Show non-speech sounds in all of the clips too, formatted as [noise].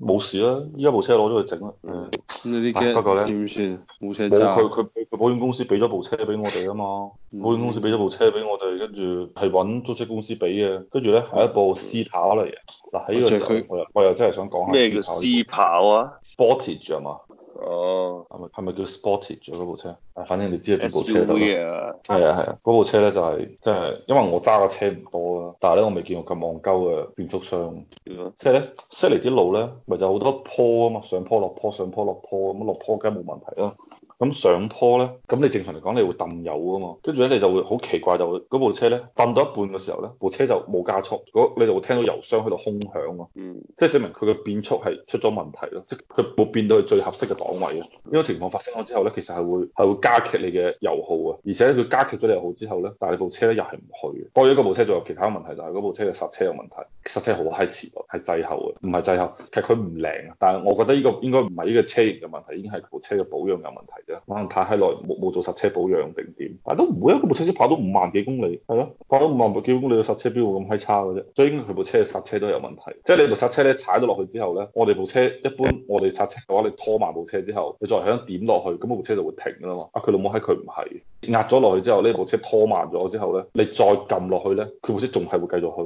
冇事啦，依家部車攞咗去整啦。嗯，不過咧點算？冇車，佢佢保險公司俾咗部車俾我哋啊嘛。嗯、保險公司俾咗部車俾我哋，跟住係揾租車公司俾嘅。跟住咧係一部試跑嚟嘅。嗱，喺呢個時候我又我又真係想講下咩、這個、叫試跑啊？Sportage 係嘛？哦，係咪係咪叫 Sportage 嗰、啊、部車？啊，反正你知啊，部車得啦。係啊係啊，嗰、yeah. 部車咧就係即係，因為我揸嘅車唔多啦，但係咧我未見過咁戇鳩嘅變速箱。即係咧，悉尼啲路咧，咪就好多坡啊嘛，上坡落坡，上坡落坡咁，坡落坡梗係冇問題啦。咁上坡呢，咁你正常嚟講你會揼油㗎嘛，跟住呢，你就會好奇怪、就是，就嗰部車呢，揼到一半嘅時候呢，部車就冇加速，嗰你就會聽到油箱喺度空響咯、啊，即係證明佢嘅變速係出咗問題咯，即係佢冇變到去最合適嘅檔位咯。呢、這、種、個、情況發生咗之後呢，其實係會係會加劇你嘅油耗啊，而且佢加劇咗你油耗之後呢，但係你部車呢又係唔去，多咗一部車仲有其他問題，就係嗰部車嘅剎車有問題，剎車好嗨遲係滯後嘅，唔係滯後，其實佢唔靚。但係我覺得呢個應該唔係呢個車型嘅問題，已經係部車嘅保養有問題啫。可能太閪耐冇冇做煞車保養定點，但都唔會啊！佢部車先跑到五萬幾公里，係咯，跑到五萬幾公里嘅煞車邊會咁閪差嘅啫？所以應該佢部車嘅煞車都有問題。即係你部煞車咧踩咗落去之後咧，我哋部車一般我哋煞車嘅話，你拖慢部車之後，你再響點落去，咁部車就會停㗎喇嘛。啊佢老母喺佢唔係，壓咗落去之後，呢部車拖慢咗之後咧，你再撳落去咧，佢部車仲係會繼續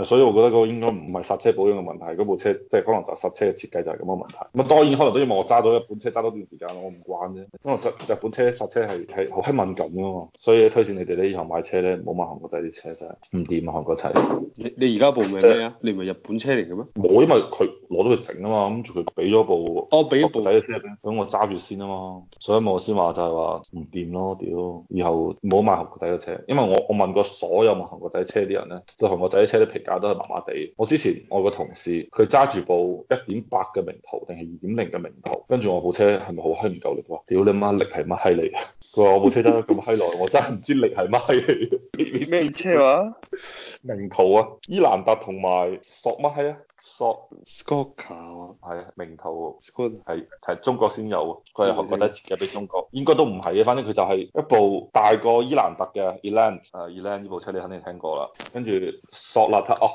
去。所以我覺得嗰個應該唔係煞車保養。個問題嗰部車即係可能就剎車嘅設計就係咁嘅問題，咁啊當然可能都要問我揸咗日本車揸多段時間咯，我唔慣啫。因為日本車剎車係係好閪敏感噶嘛，所以推薦你哋咧以後買車咧，唔好買韓國仔啲車真係唔掂啊！韓國仔，你你而家部咪咩啊？你唔係、 [laughs] 就是、日本車嚟嘅咩？冇，因為佢攞到佢整啊嘛，咁佢俾咗部，我俾咗部仔嘅車，咁我揸住先啊嘛。所以我先話就係話唔掂咯，屌！以後唔好買韓國仔嘅車，因為我我問過所有買韓國仔嘅車啲人咧，對韓國仔啲車啲評價都係麻麻地。我之前我個同，是佢揸住部一點八嘅名圖，定係二點零嘅名圖，跟住我部車係咪好虛唔夠力？嘩屌你媽力媽係乜閪嚟？佢話我部車得咁閪耐， [laughs] 我真係唔知力係乜閪嚟。你咩車話 [laughs] 名圖啊？伊蘭達同埋索乜閪啊？Scoscorca 係名頭，係係索中國先有，佢係學第一次嘅。比中國應該都唔係嘅，反正佢就係一部大過伊蘭特嘅 Elan，誒、uh, Elan 呢部車你肯定聽過啦，跟住索納塔哦，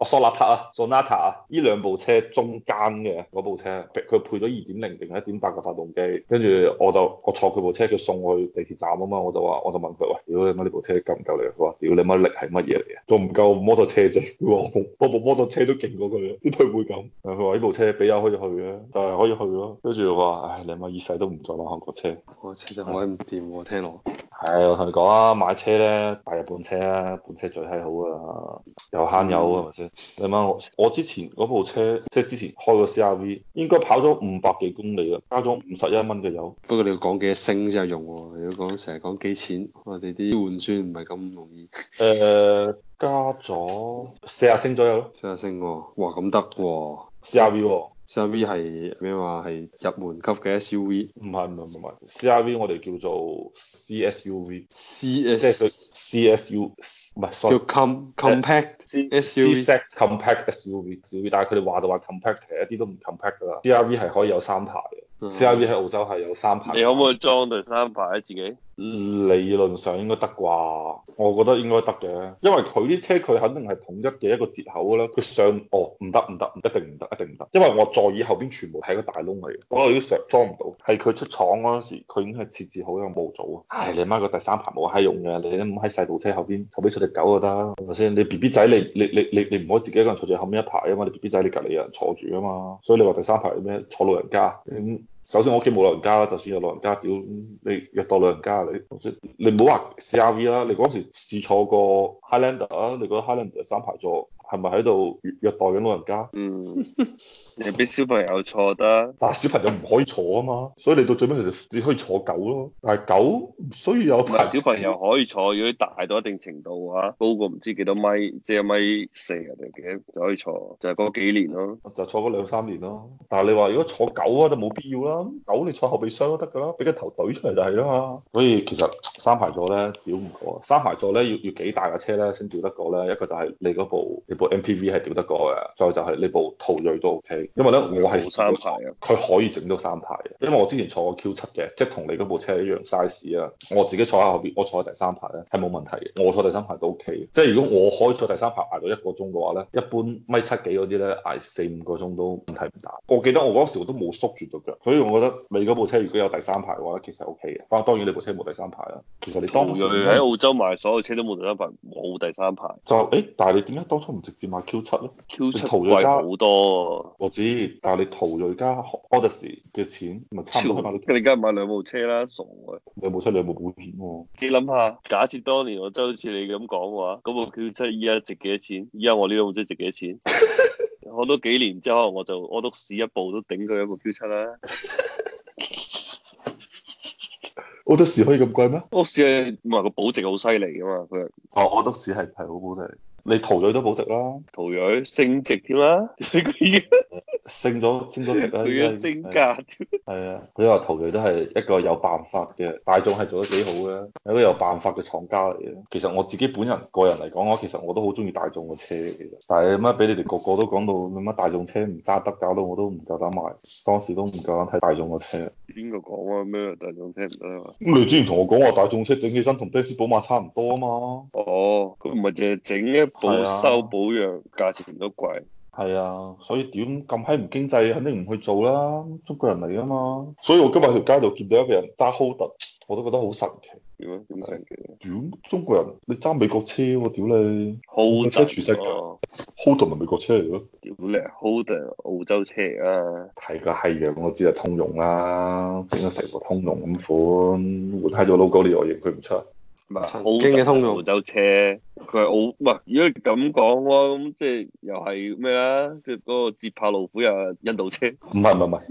哦索納塔啊，索納塔啊，呢兩部車中間嘅嗰部車，佢配咗二點零定一點八嘅發動機，跟住我就我坐佢部車，佢送我去地鐵站啊嘛，我就話我就問佢喂，屌你媽呢部車夠唔夠力？佢話屌你媽力係乜嘢嚟嘅？仲唔夠摩托車啫？佢話部摩托車都勁過佢。絕對會咁，佢話呢部車比較可以去嘅，但、就、係、是、可以去咯。跟住話，唉，你媽一世都唔再爛韓國車，我車就開唔掂喎。是聽落係，我同你講啊，買車咧，大日本車啊，本車最係好啊，又慳油係咪先？嗯、你媽，我我之前嗰部車即係之前開個 CRV，應該跑咗五百幾公里啊，加咗五十一蚊嘅油。不過你要講幾多升先有用喎、啊，如果講成日講幾錢，我哋啲換算唔係咁容易。誒、呃。加咗四十升左右咯，四十升喎，哇咁得喎，CRV 喎，CRV 係咩話係入門級嘅 SUV，唔係唔係唔係，CRV 我哋叫做 CSUV，CSU 唔係叫 comp compact SUV，compact SUV，SUV，但係佢哋話就話 compact，一啲都唔 compact 噶啦，CRV 係可以有三排嘅，CRV 喺澳洲係有三排，嗯、你可唔可以裝第三排、啊、自己？理論上應該得啩，我覺得應該得嘅，因為佢啲車佢肯定係統一嘅一個接口啦。佢上哦，唔得唔得，唔一定，唔得，一定唔得，一定唔得，因為我座椅後邊全部係個大窿嚟，我成日裝唔到，係佢出廠嗰陣時佢已經係設置好一個模組啊。唉，你媽個第三排冇閪用嘅，你唔喺細部車後邊後邊出隻狗就得，係咪先？你 B B 仔你你你你你唔可以自己一個人坐住後面一排啊嘛，你 B B 仔你隔離有人坐住啊嘛，所以你話第三排咩坐老人家、嗯首先我屋企冇老人家啦，就算有老人家，屌你入到老人家，你即你唔好話 C R V 啦，你嗰陣時試坐過 Highlander 啊，你覺得 Highlander 三排座？係咪喺度虐待緊老人家？嗯，你俾小朋友坐得， [laughs] 但係小朋友唔可以坐啊嘛，所以你到最尾你就只可以坐狗咯。但係狗，唔需要有小朋友可以坐，如果大到一定程度嘅話，高過唔知幾多米，即係米四定幾就可以坐，就係、是、嗰幾年咯，就坐嗰兩三年咯。但係你話如果坐狗啊，就冇必要啦，狗你坐後備箱都得噶啦，俾個頭懟出嚟就係啦嘛。所以其實三排座咧調唔過，三排座咧要要幾大架車咧先調得過咧，一個就係你嗰部。部 MPV 係屌得過嘅，再就係呢部途銳都 OK，因為咧我係三排嘅，佢可以整到三排嘅，因為我之前坐過 Q7 嘅，即係同你嗰部車一樣 size 啊，我自己坐喺後邊，我坐喺第三排咧係冇問題嘅，我坐第三排都 OK 嘅，即係如果我可以坐第三排挨到一個鐘嘅話咧，一般米七幾嗰啲咧挨四五個鐘都問題唔大。我記得我嗰時我都冇縮住對腳，所以我覺得你嗰部車如果有第三排嘅話咧，其實 OK 嘅，不過當然你部車冇第三排啦。其實你當時途銳喺澳洲買，所有車都冇第三排，冇第三排。就誒、欸，但係你點解當初唔？接買 Q 七咯，Q 七貴好多。我知，但係你淘咗而家 Odyssey 嘅錢，咪差唔多買。你梗係買兩部車啦，傻兩兩啊，兩部車兩部保險喎。你諗下，假設當年我真好似你咁講話，咁我 Q 七依家值幾多錢？依家我呢兩部車值幾多錢？我都 [laughs] 幾年之後，我就 Odyssey 一部都頂佢一部 Q 七啦。Odyssey 可以咁貴咩？Odyssey 唔係個保值好犀利噶嘛？佢，哦，Odyssey 係係好保值。你途銳都保值啦，途銳升值添啦，你個嘢升咗升咗值啦，佢要升價添，係啊，佢話途銳都係一個有辦法嘅大眾係做得幾好嘅，一個有辦法嘅廠家嚟嘅。其實我自己本人個人嚟講，我其實我都好中意大眾嘅車其實，但係乜俾你哋個個都講到乜大眾車唔揸得，搞到我都唔夠膽買，當時都唔夠膽睇大眾嘅車。邊個講啊？咩大眾車唔得啊？咁你之前同我講話大眾車整起身同奔馳、寶馬差唔多啊嘛？哦，佢唔係淨係整一。保修保養價錢都咗貴，係 [noise] 啊，所以點咁閪唔經濟，肯定唔去做啦。中國人嚟啊嘛，所以我今日條街度見到一個人揸 Holden，我都覺得好神奇。點？點神奇？點、哎？中國人你揸美國車喎，屌你！Holden，全色嘅，Holden 咪美國車嚟咯。屌你，Holden 澳洲車啊？係個係啊，我知係通用啦、啊，整到成個通用咁款，睇咗 logo 你又認佢唔出。唔係，好嘅。通用澳洲車，佢係澳，唔係，如果咁講嘅咁即係又係咩啊？即係嗰個捷豹路虎又係印度車，唔係唔係唔係，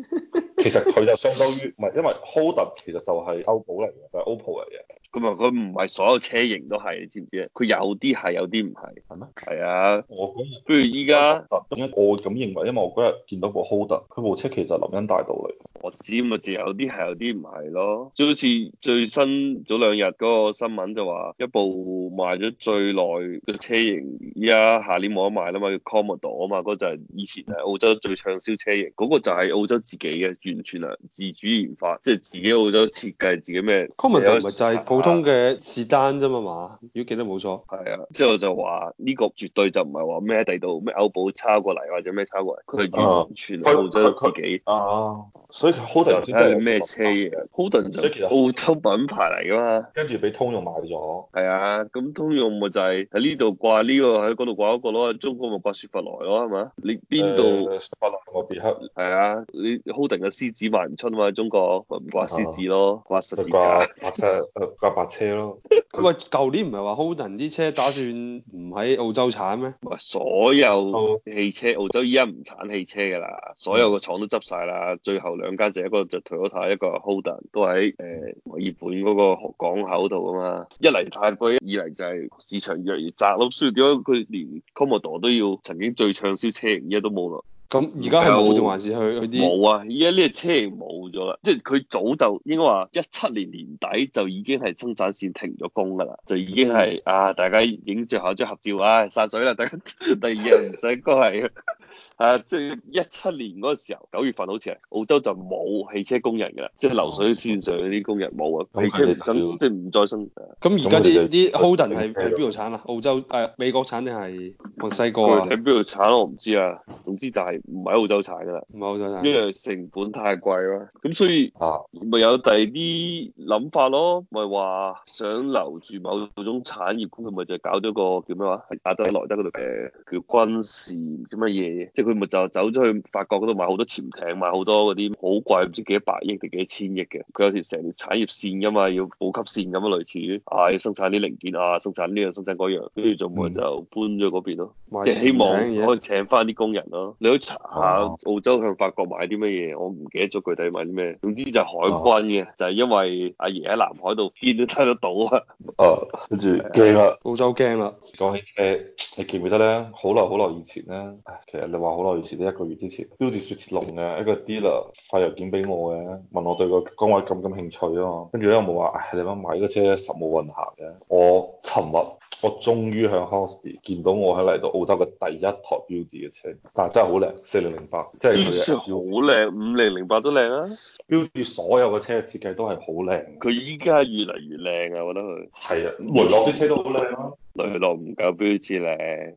其實佢就相當於，唔係，因為 Holden 其實就係歐寶嚟嘅，就係 OPPO 嚟嘅。佢話佢唔係所有車型都係，你知唔知嗎啊？佢有啲係，有啲唔係，係咩？係啊，我嗰不如依家，點解我咁認為，因為我嗰日見到個 Holden，佢、er, 部車其實林恩大道嚟。我知咪，就有啲係，有啲唔係咯。就好似最新早兩日嗰個新聞就話，一部賣咗最耐嘅車型，依家下年冇得賣啦嘛，叫 Commodore 啊嘛，嗰陣以前係澳洲最暢銷車型，嗰、那個就係澳洲自己嘅，完全係自主研發，即、就、係、是、自己澳洲設計，自己咩？Commodore 咪就係、是通嘅士丹啫嘛嘛，如果記得冇錯，係啊，之後就話呢個絕對就唔係話咩喺地度咩歐寶抄過嚟或者咩抄過嚟，佢完全靠咗自己。啊，所以 Holden 唔知咩車嘅 Holden 就澳洲品牌嚟噶嘛，跟住俾通用買咗。係啊，咁通用咪就係喺呢度掛呢個，喺嗰度掛一個咯。中國咪掛雪佛萊咯，係嘛？你邊度？雪佛萊同別克係啊，你 Holden 嘅獅子賣唔出啊嘛，中國唔掛獅子咯，掛十字嘅。架車咯，喂，舊年唔係話 Holden 啲車打算唔喺澳洲產咩？所有汽車澳洲依家唔產汽車噶啦，所有嘅廠都執晒啦，最後兩間就是、一個就 Toyota 一個 Holden，都喺誒、呃、墨爾本嗰個港口度啊嘛，一嚟太貴，二嚟就係市場越嚟越窄咯，所以點解佢連 Commodore 都要曾經最暢銷車型依家都冇啦？咁而家係冇，仲有還是去去啲冇啊！而家呢隻車冇咗啦，即係佢早就應該話一七年年底就已經係生產線停咗工噶啦，就已經係、嗯、啊大家影最後一張合照，啊、哎，散水啦！第第二日唔使過嚟。 [laughs] [laughs] 誒，即係一七年嗰時候，九月份好似係澳洲就冇汽車工人嘅啦，即係流水線上嗰啲工人冇啊，汽車即係唔再生。咁而家啲啲 Holden 係邊度產啊？澳洲誒、啊、美國產定係墨西哥啊？喺邊度產我唔知啊，總之就係唔喺澳洲產噶啦，唔喺澳洲產，因為成本太貴啦。咁所以啊，咪有第二啲諗法咯，咪話想留住某種產業工，佢咪就搞咗個叫咩話，係亞德萊德嗰度嘅叫軍事，叫乜嘢，即係佢。佢咪就走咗去法國嗰度買好多潛艇，買好多嗰啲好貴，唔知幾多百億定幾多千億嘅。佢有條成條產業線㗎嘛，要補給線咁樣，類似於啊，要生產啲零件啊，生產呢、這、樣、個、生產嗰樣，跟住就冇人就搬咗嗰邊咯，嗯、即係希望可以請翻啲工人咯、啊。你可以查下澳洲向法國買啲乜嘢，我唔記得咗具體買啲咩。總之就係海軍嘅，啊、就係因為阿爺喺南海度見都睇得到啊。誒，跟住驚啦，澳洲驚啦。 [laughs] 驚講起車、呃，你記唔記得咧？好耐好耐以前咧，其實你話。好耐以前都一個月之前，標致、er、雪鐵龍嘅一個 dealer 發郵件俾我嘅，問我對個崗位感唔感興趣啊嘛。跟住咧冇話，唉，你諗買個車十冇運行嘅。我尋日我終於向 Hosty 見到我喺嚟到澳洲嘅第一台標致嘅車，但係真係好靚，四零零八，即係佢嘅小。好靚，五零零八都靚啊！標致、er、所有嘅車嘅設計都係好靚，佢依家越嚟越靚啊！我覺得佢係啊，雷諾啲車都好靚啊，雷諾唔夠標致靚。